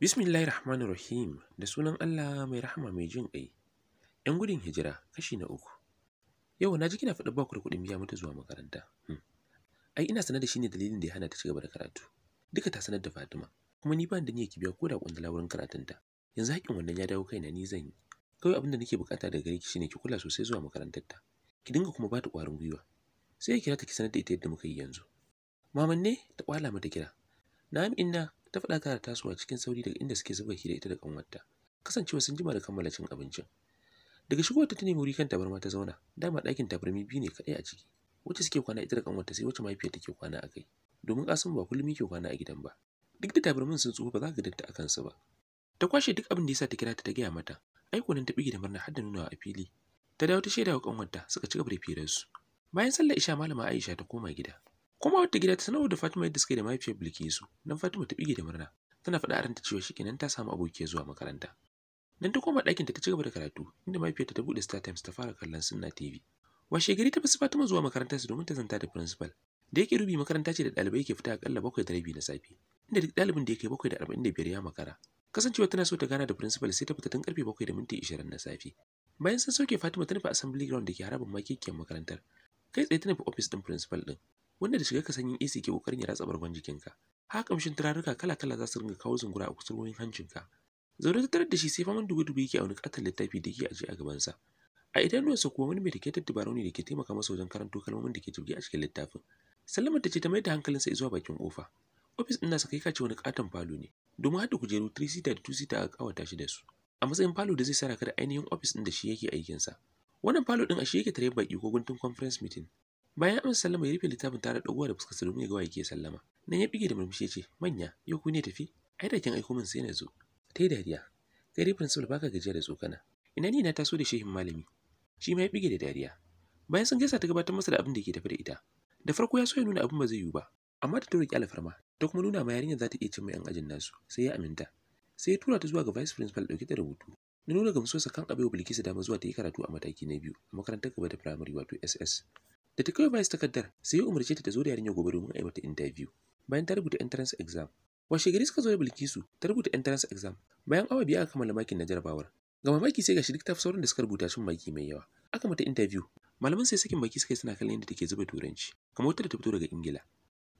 Bismillahir Rahmanir Rahim da sunan Allah mai rahama mai jin ƙai. ‘Yan gudun hijira kashi na uku. Yau na ji kina faɗa ba da kuɗin biya mata zuwa makaranta. Hmm. Ai ina sanar da shi ne dalilin da ya hana ta cigaba da karatu. Duka ta sanar da Fatima, kuma ni ba da niyyar ki biya ko da ƙwandala wurin karatunta. Yanzu haƙƙin wannan ya dawo kaina ni zan yi. Kawai abin da nake buƙata daga gare ki shine ki kula sosai zuwa makarantarta. Ki dinga kuma ba ta ƙwarin gwiwa. sai ya kira ta ki sanar da ita yadda muka yi yanzu maman ne ta kwala mata kira na'am inna ta faɗa kara tasowa cikin sauri daga inda suke zuba ki da ita da kanwarta kasancewa sun jima da kammala cin abincin daga shigowar ta ta nemi wuri kan tabarma ta zauna dama ɗakin tabarmi biyu ne kaɗai a ciki wacce suke kwana ita da kanwarta sai wacce mahaifiyar take kwana a kai domin kasan ba kullum ke kwana a gidan ba duk da tabarmin sun tsufa ba za ka danta a kansu ba ta kwashe duk abin da ya sa ta kira ta ta gaya mata aiko nan ta bige da murna har da nunawa a fili ta dawo ta shaida wa suka ci gaba da firarsu bayan sallar isha malama aisha ta koma gida kuma wata gida ta sanarwa da fatima yadda suke da mahaifiyar bilkisu don fatima ta bige da murna tana faɗa a ranta cewa kenan ta samu abokiya zuwa makaranta dan ta koma ɗakinta ta ci gaba da karatu inda mahaifiyarta ta buɗe star times ta fara kallon sunna tv washe gari ta fi fatima zuwa su domin ta zanta da principal da yake rubi makaranta ce da ɗalibai ke fita akalla bakwai da rabi na safe inda duk ɗalibin da yake bakwai da arba'in da biyar ya makara kasancewa tana so ta gana da principal sai ta fita tun karfe bakwai da minti ishirin na safe bayan sun sauke fatima ta nufi assembly ground da ke harabin makekiyar makarantar kai tsaye ta nufi ofis ɗin principal ɗin wanda da shiga ka sanyin AC ke kokarin ya ratsa bargon jikinka ha kamshin turaruka kala-kala za su ringa kawo zungura a kusurwoyin hancinka zaune ta tarar da shi sai faman dubu-dubu yake a wani katon littafi da ke aje a gabansa a idanuwarsa kuwa wani mai da ke tattabarau ne da ke taimaka masa wajen karanto kalmomin da ke jirgi a cikin littafin sallamar ta ce ta mai da hankalinsa zuwa bakin kofa ofis ɗin nasa kai kace wani katon falo ne domin haɗa kujeru 3 sita da 2 sita a kawata shi da su a matsayin falo da zai ka da ainihin ofis ɗin da shi yake aikinsa wannan falo din ashe yake tare baki ko guntun conference meeting bayan an sallama ya rufe littafin tare da dagowa da fuskar domin ya ga wa ke sallama nan ya bige da murmushi ya ce manya yau ku ne tafi ai da kin aiko min sai na zo ta yi dariya gari principal baka gajiya da tsokana ina ni na taso da shehin malami shi ma ya bige da dariya bayan sun gaisa ta gabatar masa da abin da ke tafi da ita da farko ya so ya nuna abin ba zai yiwu ba amma ta roki alfarma ta kuma nuna ma yarinyar za ta iya cin mai yan ajin nasu sai ya aminta sai ya tura ta zuwa ga vice principal dauke da rubutu Na nuna ga gamsuwarsa kan abewa Bilkisu dama zuwa ta yi karatu a mataki na biyu a makarantar gaba da firamare wato SS. Da ta kawai su takardar sai ya umarce ta ta zo da yarinya gobe domin a yi mata interview. Bayan ta rubuta entrance exam. Washe gari suka zo da Bilkisu ta rubuta entrance exam bayan awa biyu aka kammala makin na jarabawar. Ga mamaki sai gashi duk ta sauran da suka rubuta sun maki mai yawa. Aka mata interview. Malaman sai sakin baki suka yi suna kallon yadda take zuba turanci kamar wata da ta fito daga Ingila.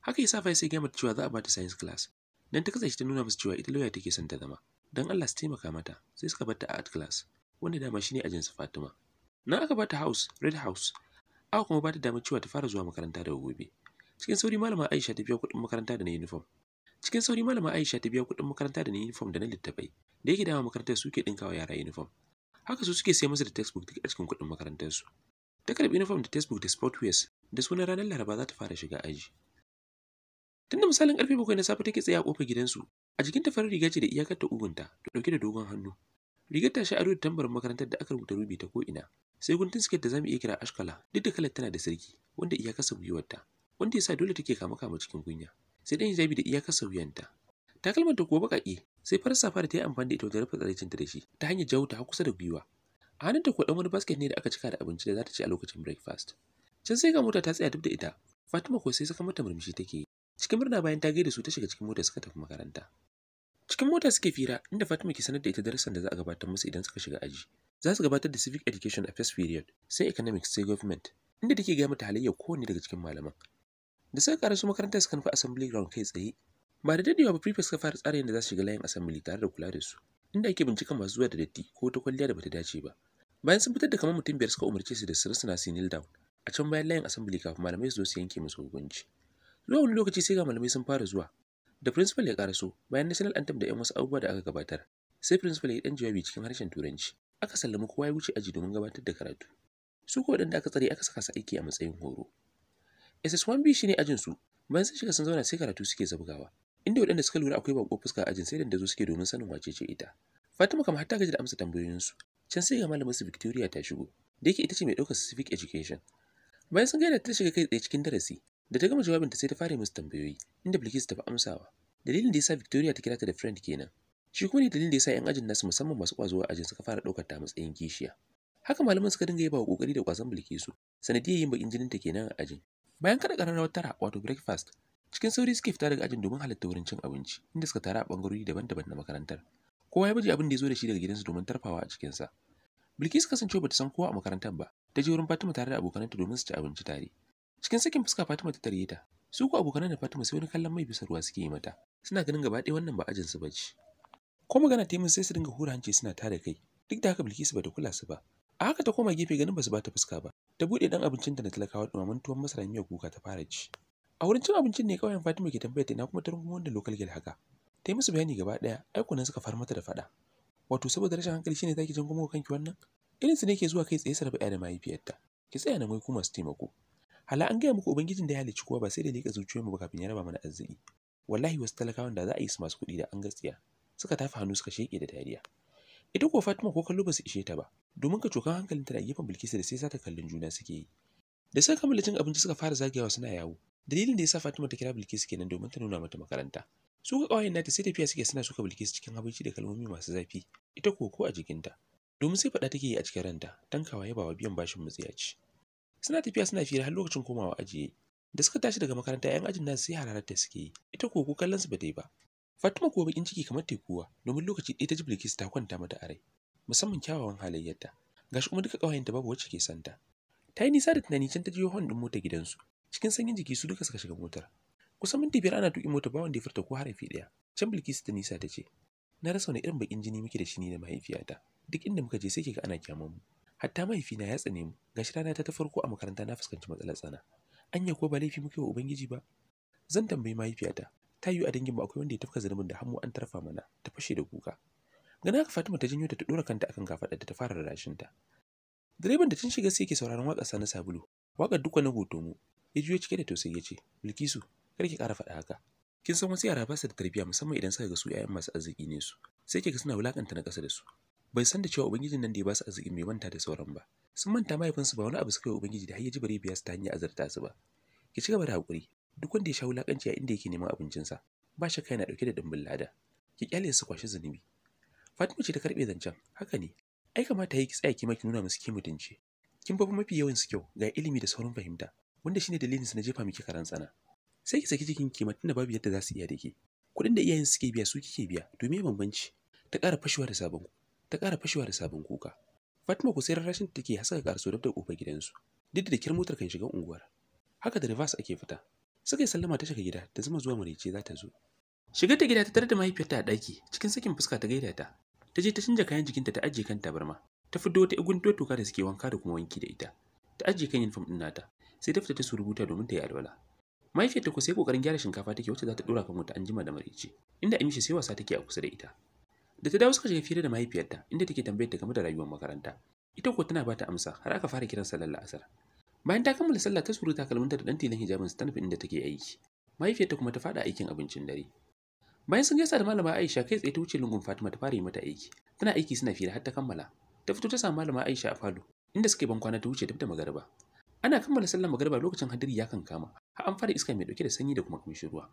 Haka ya sa fa sai gaya mata cewa za a ta science class. Dan ta kasance ta nuna musu cewa ita lauya take son ta zama. don Allah su taimaka mata sai suka bata a art class wanda dama shine ajin su Fatima na aka bata house red house aka kuma bata damar cewa ta fara zuwa makaranta da gobe cikin sauri malama Aisha ta biya kuɗin makaranta da na uniform cikin sauri malama Aisha ta biya kuɗin makaranta da na uniform da na littattafai, da yake dama makarantar suke ɗinkawa yara uniform haka su suke sai musu da textbook duk a cikin kuɗin makarantar su ta karɓi uniform da textbook da sportwears da sunan ranar Laraba za ta fara shiga aji tunda misalin karfe bakwai na safe take tsaye a kofar gidansu A jikinta farar riga ce da iyakar ta ugunta, dauke da dogon hannu. Rigar ta sha da tambarin makarantar da aka rubuta rubi ta ko ina. Sai guntun siket da zamu iya kira ashkala, duk da kalar tana da sarki, wanda iyakarsa gwiwarta, wanda yasa dole take kama kama cikin kunya. Sai dan hijabi da ta. wuyanta. Takalmanta kuwa baƙaƙe, sai farar safara ta yi amfani da ita wajen rufe ta da shi, ta hanyar jawo ta kusa da gwiwa. A ta kuwa dan wani basket ne da aka cika da abinci da za ta ci a lokacin breakfast. Can sai ga mota ta tsaya duk da ita, Fatima ko sai saka mata murmushi take Cikin murna bayan ta gaida su ta shiga cikin mota suka tafi makaranta. Cikin mota suke fira inda Fatima ke sanar da ita darasin da za a gabatar musu idan suka shiga aji. Za su gabatar da civic education a first period, sai economics sai government, inda take gaya mata halayyar kowanne daga cikin malaman. Da suka karasu makarantar suka nufi assembly ground kai tsaye. Ba da dadewa ba prefect suka fara tsara yadda za su shiga layin assembly tare da kula da su, inda ake bincika masu zuwa da datti ko ta kwalliya da bata dace ba. Bayan sun fitar da kamar mutum biyar suka umarce su da su rasa su kneel down, a can bayan layin assembly kafin malamai su zo su yanke musu hukunci. Zuwa wani lokaci sai ga malamai sun fara zuwa. Da principal ya karaso bayan national anthem da 'yan wasu abubuwa da aka gabatar. Sai principal ya dan jawabi cikin harshen Turanci. Aka sallami kowa ya wuce aji domin gabatar da karatu. Su ko waɗanda aka tsare aka saka su aiki a matsayin horo. SS1B shine ajin su. Bayan sun shiga sun zauna sai karatu suke zabgawa. Inda waɗanda suka lura akwai bako fuska a ajin sai da zo suke domin sanin wace ce ita. Fatima kamar har ta gaji da amsa tambayoyinsu. Can sai ga malamin su Victoria ta shigo. Da yake ita ce mai ɗaukar civic education. Bayan sun gaida ta shiga kai tsaye cikin darasi, Da ta gama jawabinta sai ta fara musu tambayoyi, inda Bilkisu ta fi amsawa. Dalilin da yasa Victoria ta kira ta da friend kenan. Shi kuma ne dalilin da yasa 'yan ajin nasu musamman masu kwazo a ajin suka fara ɗaukar ta matsayin kishiya. Haka malaman suka dinga yaba kokari da kwazon Bilkisu, sanadiyar yin bakin jinin ta kenan a ajin. Bayan kada kararrawar tara wato breakfast, cikin sauri suke fita daga ajin domin halatta wurin cin abinci, inda suka tara a bangarori daban-daban na makarantar. Kowa ya baje abin da ya zo da shi daga gidansa domin tarfawa a cikinsa. Bilkisu kasancewa bata san kowa a makarantar ba, ta je wurin Fatima tare da abokananta domin su ci abinci tare. Cikin sakin fuska Fatima ta tare ta. Su ko abokanan da Fatima sai wani kallon mai bisa ruwa suke yi mata. Suna ganin gaba ɗaya wannan ba ajin su bace. Ko magana ta yi sai su dinga hura hanci suna tada kai. Duk da haka Bilkisu bata kula su ba. A haka ta koma gefe ganin ba su bata fuska ba. Ta buɗe dan abincinta na talakawa mamman tuwon masara miyar kuka ta fara ci. A wurin cin abincin ne kawai Fatima ke tambaya ta ina kuma ta rungumo wanda local girl haka. Ta yi musu bayani gaba ɗaya, aikunan suka far mata da fada Wato saboda rashin hankali shine zaki jango kanki wannan? Irin su ne ke zuwa kai tsaye sarfa da mahaifiyarta. Ki tsaya na mai kuma su taimako. hala an gaya muku ubangijin da ya halicci kowa ba sai da lika zuciyoyinmu ba kafin ya raba mana arziki wallahi wasu talakawan da za a yi su masu kuɗi da an gaskiya suka tafi hannu suka sheke da dariya ita ko Fatima ko kallo ba su ishe ta ba domin ka cokan hankalinta da gefen Bilkisu da sai za ta kallon juna suke yi da suka kammala cin abinci suka fara zagayawa suna yawo dalilin da ya sa Fatima ta kira Bilkisu kenan domin ta nuna mata makaranta su ga ƙawayen nata sai tafiya suke suna suka Bilkisu cikin abinci da kalmomi masu zafi ita ko ko a jikinta domin sai faɗa take yi a cikin ranta tankawa yabawa biyan bashin mutsiya suna tafiya suna fira har lokacin komawa ajiye. da suka tashi daga makaranta yan ajin nan sai hararar da suke yi ita ko kallon su ba dai ba Fatima kuwa bakin ciki kamar tekuwa domin lokaci ɗaya ta ji Bilkis ta kwanta mata a rai musamman kyawawan halayyarta gashi kuma duka kawayenta babu wacce ke santa ta yi nisa da tunani can ta jiyo hon din mota gidansu cikin sanyin jiki su duka suka shiga motar kusan minti biyar ana tuki mota ba wanda ya furta ko harafi ɗaya can Bilkis ta nisa ta ce na rasa wani irin bakin jini muke da shi ni da mahaifiyata duk inda muka je sai ke ga ana kyaman mu hatta mahaifi na ya tsane mu gashi rana ta ta farko a makaranta na fuskanci matsalar tsana anya ko ba laifi muke wa ubangiji ba zan tambayi mahaifiyata ta yiwu a dangin mu akwai wanda ya tafka zanubin da hannu an tarfa mana ta fashe da kuka gana haka Fatima ta janyo ta dora kanta akan kafaɗa da ta fara rarashin ta direban da tun shiga sai yake sauraron waƙar sana sabulu waƙar duka na hoto mu ya juyo cike da tausayi ya ce Bilkisu kar ki ƙara faɗa haka kin san wasu yara ba su da tarbiyya musamman idan suka ga su 'ya'yan masu arziki ne su sai kika suna wulakanta na ƙasa da su bai san da cewa ubangijin nan da ya ba su arzikin bai manta da sauran ba sun manta mahaifinsu ba wani abu suka yi ubangiji da har ya ji bare biya su ta hanyar azarta su ba ki ci gaba da hakuri. duk wanda ya sha wulaƙanci a inda yake neman abincinsa ba shakka yana dauke da dimbin lada ki kyale su kwashi zunubi Fatima ce ta karɓe zancen haka ne ai kamata yi ki tsaya ki maki nuna musu ki mutunci kin babu mafi yawan su kyau ga ilimi da sauran fahimta wanda shine dalilin su na jefa miki karan tsana sai ki saki jikin ki tunda babu yadda za su iya da ke kuɗin da iyayen suke biya su kike biya to me bambanci ta ƙara fashewa da sabon ta ƙara fashewa da sabon kuka. Fatima ku sai rashin take haska karso da kofar gidansu. Duk da kyar motar kan shiga unguwar. Haka da reverse ake fita. Suka yi sallama ta shiga gida ta zama zuwa marice za ta zo. Shigar ta gida ta tarar da mahaifiyarta a ɗaki cikin sakin fuska ta gaida ta. Ta je ta canja kayan jikinta ta ajiye kan tabarma. Ta fiddo wata igun toka da suke wanka da kuma wanki da ita. Ta ajiye kan uniform ɗin nata. Sai ta fita ta surubuta domin ta yi alwala. mahaifiyarta ko sai kokarin gyara shinkafa take wacce za ta dora kan wuta jima da marice. inda Amisha sai wasa take a kusa da ita da ta dawo suka shiga fira da mahaifiyarta inda take tambayar ta game da rayuwar makaranta ita ko tana bata amsa har aka fara kiran sallar la'asar bayan ta kammala sallah ta suru takalminta da dan tilin hijabin ta nufi inda take aiki mahaifiyarta kuma ta fada aikin abincin dare bayan sun gaisa da malama Aisha kai tsaye ta wuce lungun Fatima ta fara yi mata aiki tana aiki suna fira har ta kammala ta fito ta samu malama Aisha a falo inda suke ban kwana ta wuce duk da magariba ana kammala sallar magariba lokacin hadiri ya kankama har an fara iska mai dauke da sanyi da kuma kamshin ruwa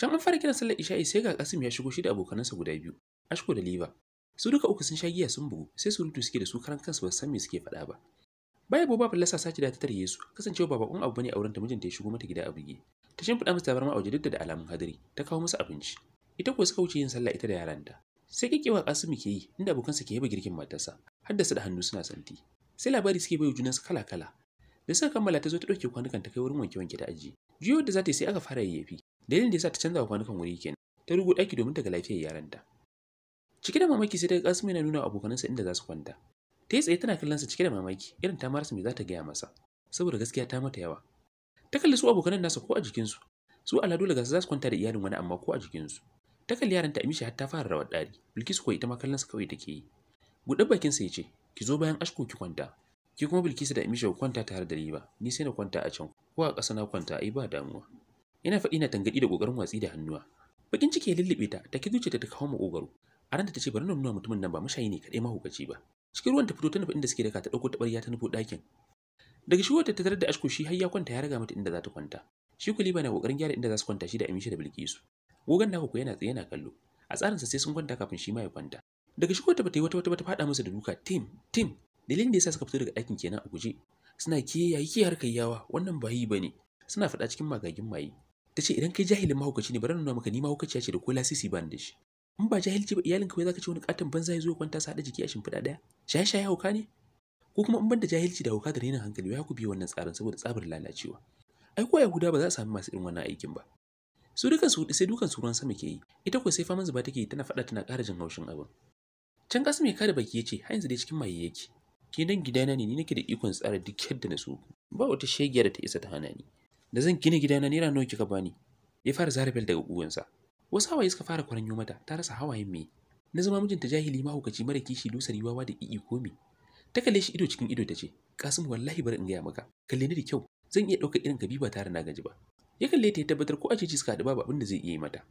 can an fara kiran sallar isha'i sai ga Kasim ya shigo shi da abokanansa guda biyu Ashko da Liva. Su duka uku sun sha giya sun bugu sai surutu suke da su karan kansu ba san me suke faɗa ba. Baya babu lasa sace da ta tarye su kasancewa ba bakon abu bane auren da mijinta ya shigo mata gida a buge. Ta shimfiɗa masa tabarma a waje duk da alamun hadari ta kawo musu abinci. Ita ko suka wuce yin sallah ita da yaranta. Sai kikewa mu ke yi inda abokansa ke yaba girkin matarsa har da su da hannu suna santi. Sai labari suke bayo junansu kala-kala. Da suka kammala ta zo ta ɗauke kwanukan ta kai wurin wanke-wanke ta aji. Jiyo da za ta yi sai aka fara yayyafi. Dalilin da ya sa ta canza kwanukan wuri kenan. Ta rugu ɗaki domin ta ga lafiyar yaranta. Cike da mamaki sai daga kasmi na nuna abokanansa inda za su kwanta. Ta yi tsaye tana kallon sa cike da mamaki irin ta marasa me za ta gaya masa saboda gaskiya ta mata yawa. Ta kalli su abokanan nasa ko a jikinsu su Su dole su za su kwanta da iyalin wani amma ko a jikinsu. Ta kalli yaran ta Amisha har ta fara rawar dari Bilkisu ko ita ma kallon sa kawai take yi. Buɗe bakin sa ce, ki zo bayan ashko ki kwanta. Ki kuma Bilkisu da Amisha ku kwanta tare da Riba ni sai na kwanta a can ko a ƙasa na kwanta ai ba damuwa. Ina faɗi na tangadi da ƙoƙarin watsi da hannuwa. Bakin ciki ya lullube ta ki zuciya ta kawo makogaro a ranta ta ce bari na nuna mutumin nan ba mashayi ne kaɗai mahukaci ba cikin ruwan ta fito ta nufi inda suke daka ta ɗauko taɓarya ta nufo ɗakin daga shi wata ta tarar da ashko shi har ya kwanta ya raga mata inda za ta kwanta shi ba na kokarin gyara inda za su kwanta shi da amishi da bilkisu gogan naku yana tsaye yana kallo a tsarinsa sai sun kwanta kafin shi ma ya kwanta daga shi wata bata yi wata wata ta faɗa masa da duka tim tim dalilin da yasa suka fito daga ɗakin kenan a guje suna ke yi ke harkar yawa wannan ba yi ne suna faɗa cikin magagin maye ta ce idan kai jahilin mahaukaci ne bari nuna maka ni ya ce da ko lasisi ban da shi in ba jahilci ba iyalinka wai zaka ce wani katon banza ya zo kwanta su da jiki a shimfiɗa ɗaya shaye shaye hauka ne ko kuma in banda jahilci da hauka da renin hankali ya ku biyo wannan tsarin saboda tsabar lalacewa ai ko yahuda ba za a sami masu irin wannan aikin ba su dukan su sai dukan su ruwan sama ke yi ita ko sai faman zuba take tana faɗa tana ƙara jin haushin abin can kasu mai kada baki yace har yanzu dai cikin maye yake ke nan gidana ne ni nake da ikon tsara duk yadda na so ba wata shegiya da ta isa ta hana ni da zan gina gidana naira nawa kika bani ya fara zarabel daga sa wasu hawaye suka fara kwaranyo mata ta rasa hawayen me na zama mijinta jahili mahaukaci mara kishi dusar yiwawa da i'i ko me ta kalle shi ido cikin ido ta ce kasim wallahi bari in gaya maka kalle ni da kyau zan iya ɗaukar irin kabiba tare na gaji ba ya kalle ta ya tabbatar ko ajeji suka haɗu babu abin da zai iya yi mata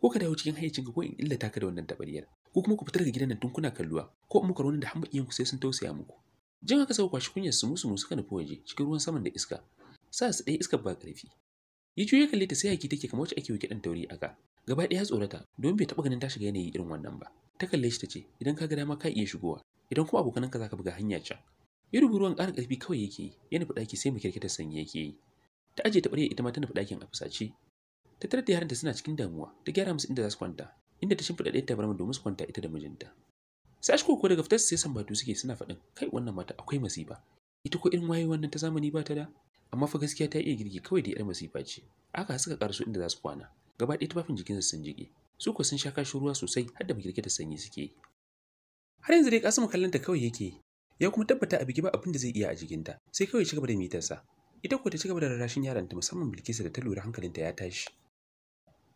ko ka dawo cikin hayyacinka ko in illata ka da wannan tabariyar ko kuma ku fitar da gidan nan tun kuna kalluwa ko in muka raunin da hambakiyan ku sai sun tausaya muku jin haka sauka kwashi kunyar su musu suka nufi waje cikin ruwan saman da iska sa su ɗaya iskar ba ƙarfi ya juyo kalle ta sai yaki take kamar wacce ake wa kiɗan tauri aka gaba ɗaya tsorata don bai taɓa ganin ta shiga yanayi irin wannan ba ta kalle shi ta ce idan ka ga dama ka iya shigowa idan kuma abokananka za ka buga hanya can irin ruwan ƙara ƙarfi kawai yake yi ya nufi ɗaki sai mu kirkitar sanyi yake yi ta aje ta ɓarya ita ma ta nufi ɗakin a fusace ta tarar da ta suna cikin damuwa ta gyara musu inda za su kwanta inda ta shimfiɗa ɗayan tabarma domin su kwanta ita da mijinta sai shi ko daga fitar sai sambatu suke suna faɗin kai wannan mata akwai masifa ita ko irin waye wannan ta zamani ba ta da amma fa gaskiya ta iya girgi kawai da yar masifa ce aka suka karsu inda za su kwana gaba ɗaya tufafin su sun jike su ko sun sha kashin ruwa sosai har da girgita sanyi suke har yanzu dai kasimu kallon ta kawai yake ya kuma tabbata a biki ba abin da zai iya a jikinta sai kawai ci gaba da mitarsa ita ko ta ci gaba da rarrashin ta musamman bilkisa da ta lura hankalinta ya tashi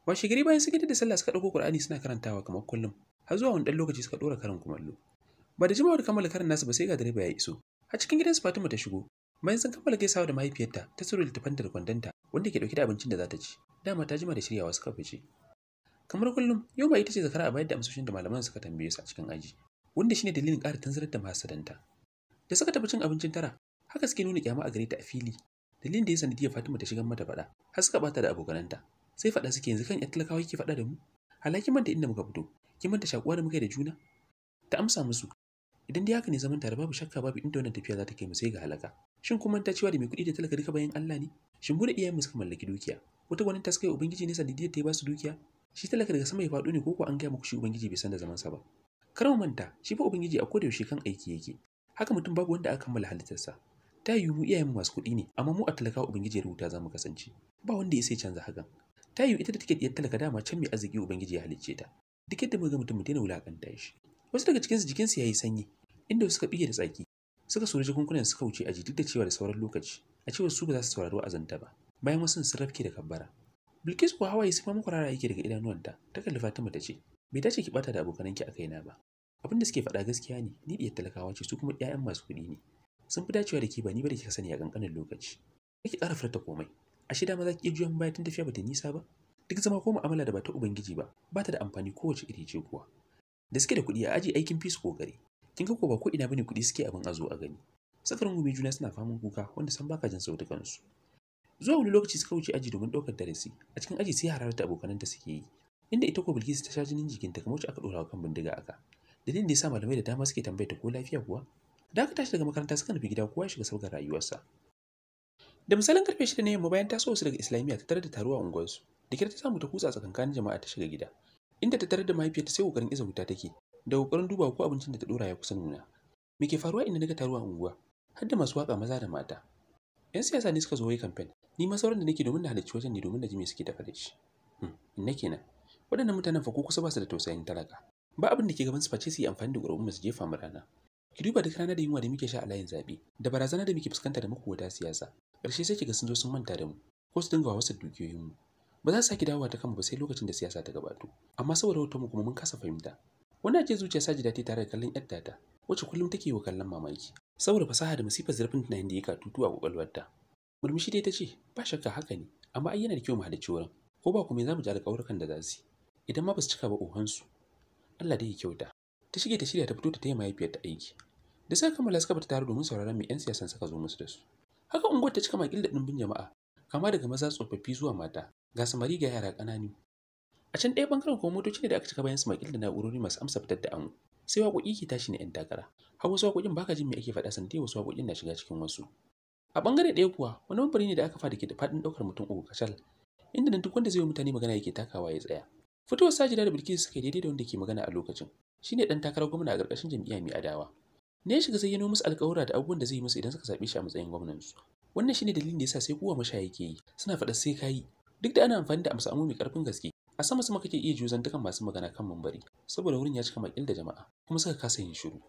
washe gari bayan sun da sallah suka ɗauko qur'ani suna karantawa kamar kullum har zuwa wani ɗan lokaci suka ɗora karin kumallo ba da jimawar kammala karin nasu ba sai ga direba ya iso a cikin gidansu fatima ta shigo bayan sun kammala gaisawa da mahaifiyarta ta tsiro littattafan da kwandonta wanda ke dauke da abincin da za ta ci dama ta jima da shiryawa suka fice kamar kullum yau ba ita ce zakara a bayar da amsoshin da malaman suka tambaye su a cikin aji wanda shine dalilin ƙara tanzarar da mahasadanta da suka tafi cin abincin tara haka suke nuna kyama a gare ta a fili dalilin da ya sanadiyar Fatima ta shigar mata faɗa har suka bata da abokananta sai faɗa suke yanzu kan yan talakawa yake faɗa da mu halaki manta inda muka fito kin manta shakuwa da muka yi da juna ta amsa musu idan dai haka ne zaman tare babu shakka babu inda wannan tafiya za ta kai mu sai ga halaka Shin kun manta cewa da mai kuɗi da talaka duka bayan Allah ne? Shin bude iyayen mu suka mallaki dukiya? Wata gwanin ta suka yi Ubangiji ne sanadiyar ta yi ba su dukiya? Shi talaka daga sama ya faɗo ne ko ko an gaya muku shi Ubangiji bai san da sa ba? Kar mu manta, shi fa Ubangiji a koda yaushe kan aiki yake. Haka mutum babu wanda aka kammala halittarsa. Ta yiwu mu iyayen masu kuɗi ne, amma mu a talaka Ubangiji ya rubuta za mu kasance. Ba wanda ya sai canza hakan. Ta yiwu ita da take diyar talaka dama can mai arziki Ubangiji ya halicce ta. Duk yadda ga mutum mu daina wulakanta shi. Wasu daga cikinsu jikinsu ya yi sanyi, inda suka bige da tsaki, suka suri jikunkunan suka wuce aji duk da cewa da sauran lokaci a cewar su ba za su saurari wa'azanta ba bayan wasu sun rafke da kabbara bilkis ko hawaye sai ma kwarara yake daga idanuwanta ta kalli fatima ta ce bai dace ki bata da abokananki a kaina ba abin da suke faɗa gaskiya ne ni diyar talakawa ce su kuma ƴaƴan masu kuɗi ne sun fi dacewa da ke ba ni ba da kika sani a ƙanƙanin lokaci kake ƙara furta komai a shida ma za ki iya juyan baya tun tafiya bata ta nisa ba duk zama ko mu'amala da ba ta ubangiji ba ba ta da amfani kowace iri ce kuwa da suke da kuɗi a aji aikin fis su gari kin ga ko ba ko ina bane kuɗi suke abin azo a gani sakarin gumi juna suna faman kuka wanda san baka jin sautukan su zuwa wani lokaci suka wuce aji domin ɗaukar darasi a cikin aji sai hararta abokananta suke yi inda ita ko bilkisu ta sha jinin jikinta kamar wacce aka ɗora kan bindiga aka dalilin da yasa malamai da dama suke tambayar ta ko lafiya kuwa da aka tashi daga makaranta suka nufi gida kowa ya shiga sabgar rayuwarsa da misalin karfe shida ne yamma bayan ta so su daga islamiyya ta tare da taruwa a unguwarsu da kira ta samu ta kutsa tsakankanin jama'a ta shiga gida inda ta tare da mahaifiyarta sai kokarin iza wuta take da kokarin duba ko abincin da ta dora ya kusa nuna me ke faruwa inda naga taruwa unguwa har da masu waka maza da mata yan siyasa ne suka zo wai kamfen ni ma sauran da nake domin na halarci wajen ne domin na ji me suke da shi hmm, inna kenan waɗannan mutanen fa ko kusa ba su da tausayin talaka ba abin da ke gaban su face su yi amfani da ƙurabun su jefa mu rana ki duba duk ranar da yunwa da muke sha a layin zaɓe da barazana da muke fuskanta da makuwata siyasa ƙarshe sai kiga sun zo sun manta da mu ko su dinga wasu dukiyoyinmu ba za su sake dawowa ta kanmu ba sai lokacin da siyasa ta gabato amma saboda wata mu kuma mun kasa fahimta wanda ce zuciya saji daɗi tare da kallon yadda ta wacce kullum take wa kallon mamaki saboda fasaha da masifar zurfin tunanin da ya tutu a kwakwalwarta murmushi dai ta ce ba shakka haka ne amma ai yana da kyau mu halarci ciwon ko ba kuma za mu ji alƙawarkan da za su idan ma ba su cika ba ohansu Allah dai ya kyauta ta shige ta shirya ta fito ta taya mahaifiyar ta aiki da sai kammala suka bata tare domin sauraron mai yan siyasan suka zo musu da su haka unguwar ta cika makil da bin jama'a kama daga maza tsofaffi zuwa mata ga samari ga yara ƙananu can ɗaya bangaren kuma motoci ne da aka cika bayan su makil da na'urori masu amsa fitar da amu sai waƙoƙi ke tashi ne 'yan takara har wasu waƙoƙin baka jin me ake faɗa sanadiyar wasu waƙoƙin na shiga cikin wasu a bangare ɗaya kuwa wani mambari ne da aka fada ke da faɗin ɗaukar mutum uku kashal inda nan duk wanda zai yi mutane magana yake takawa ya tsaya fitowar sajida da bilkisu suka daidai da wanda ke magana a lokacin shine ɗan takarar gwamna a ƙarƙashin jam'iyya mai adawa ne ya shiga zayyano musu alƙawura da abubuwan da zai yi musu idan suka zaɓe shi a matsayin gwamnansu wannan shine dalilin da yasa sai kowa mashaya yake yi suna faɗa sai kayi duk da ana amfani da amsa mai ƙarfin gaske a sama sama kake iya juzan dukan masu magana kan mambari saboda wurin ya cika makil da jama'a kuma suka kasa yin shiru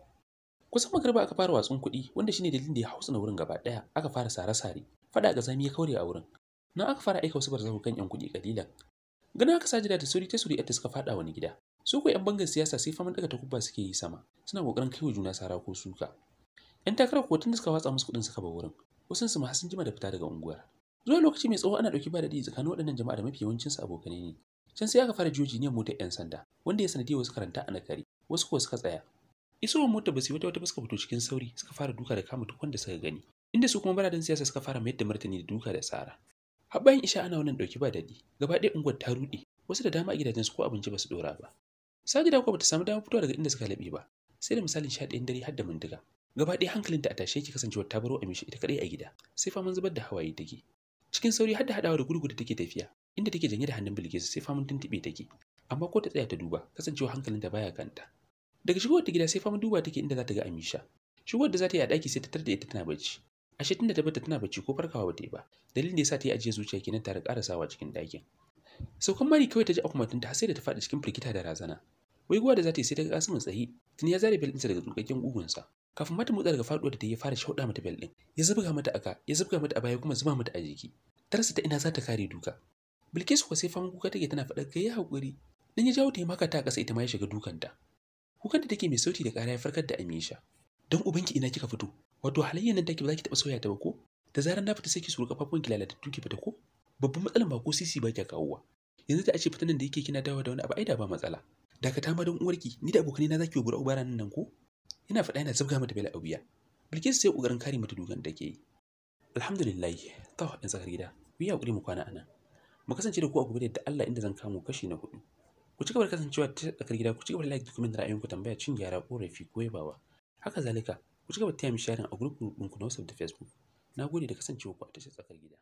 kusan magarba aka fara watsun kuɗi wanda shine dalilin da ya hausa na wurin gaba ɗaya aka fara sare-sare faɗa ga zami ya kaure a wurin nan aka fara aika wasu barzahu kan yan kuɗi kalilan ganin aka sajida da suri ta suri ta suka faɗa wani gida su ko yan bangar siyasa sai faman daga takubba suke yi sama suna kokarin kaiwa juna sara ko suka yan takarar ko tun suka watsa musu kuɗin suka ba wurin wasu su ma sun jima da fita daga unguwar zuwa lokaci mai tsawo ana ɗauki ba daɗi tsakanin waɗannan jama'a da mafi yawancin abokanai ne can sai aka fara joji ne motar yan sanda wanda ya sanadiyar wasu karanta a nakari wasu kuwa suka tsaya isowar motar ba su wata wata suka fito cikin sauri suka fara duka da kama duk wanda suka gani inda su kuma baradan siyasa suka fara mayar da martani da duka da tsara har bayan isha ana wannan dauki ba dadi gaba ɗaya unguwar ta ruɗe wasu da dama a gidajen su ko abinci ba su dora ba sajida kuwa bata samu dama fitowa daga inda suka laɓe ba sai da misalin sha ɗayan dare har da mindiga gaba ɗaya hankalinta a tashe yake kasancewa ta baro amishi ita kaɗai a gida sai faman zubar da hawaye take cikin sauri har da haɗawa da gurgu da take tafiya inda take janye da hannun bilkisu sai famun tuntuɓe take amma ko ta tsaya ta duba kasancewa hankalin ta baya kanta daga shigowar ta gida sai famun duba take inda za ta ga amisha shigowar da za ta yi a ɗaki sai ta tarda ita tana bacci ashe tunda ta bata tana bacci ko farkawa ba ta yi ba dalilin da yasa ta yi ajiye zuciya kenan tare karasawa cikin ɗakin saukan mari kawai ta ji akumatin har sai da ta faɗi cikin firgita da razana waiguwa da za ta yi sai ta ga kasimin tsaye tun ya zare bel ɗinsa daga tsukakken ƙugunsa kafin mata motsa daga faɗuwa da ta yi fara shauɗa mata bel ɗin ya zubga mata aka ya zubga mata a baya kuma zuba mata a jiki tarsa ta ina za ta kare duka Bilkisu kuwa sai fama kuka take tana faɗa kai haƙuri. Dan ya jawo ta maka ta ƙasa ita ma ya shiga dukanta. Kukan da take mai sauti da ƙara ya farkar da Amisha. Dan ubanki ina kika fito? Wato halayyar nan take ba za ki taɓa sauya ta ba ko? Da zarar na fita sai ki suru kafafuwan ki lalata fita ko? Babban matsalar ba ko sisi ba ki kawowa. Yanzu da a ce fitanan da yake kina dawo da wani abu ai da ba matsala. Dakata ma don uwarki ni da abokanai na za ki yi gura ubara nan ko? Yana faɗa yana zabga mata bela a Bilkisu sai ƙoƙarin kare mata dukan da ke yi. Alhamdulillah, ta tsakar gida, ku yi mu kwana a nan. mu kasance da ku a gobe da Allah inda zan kawo kashi na hudu ku ci gaba da kasancewa ta tsakar gida ku ci gaba da like da comment ra'ayinku tambaya cin gyara korafi ko yabawa haka zalika ku ci gaba da taya mi sharing a group group ɗinku na WhatsApp da Facebook na gode da kasancewa ku a tashar tsakar gida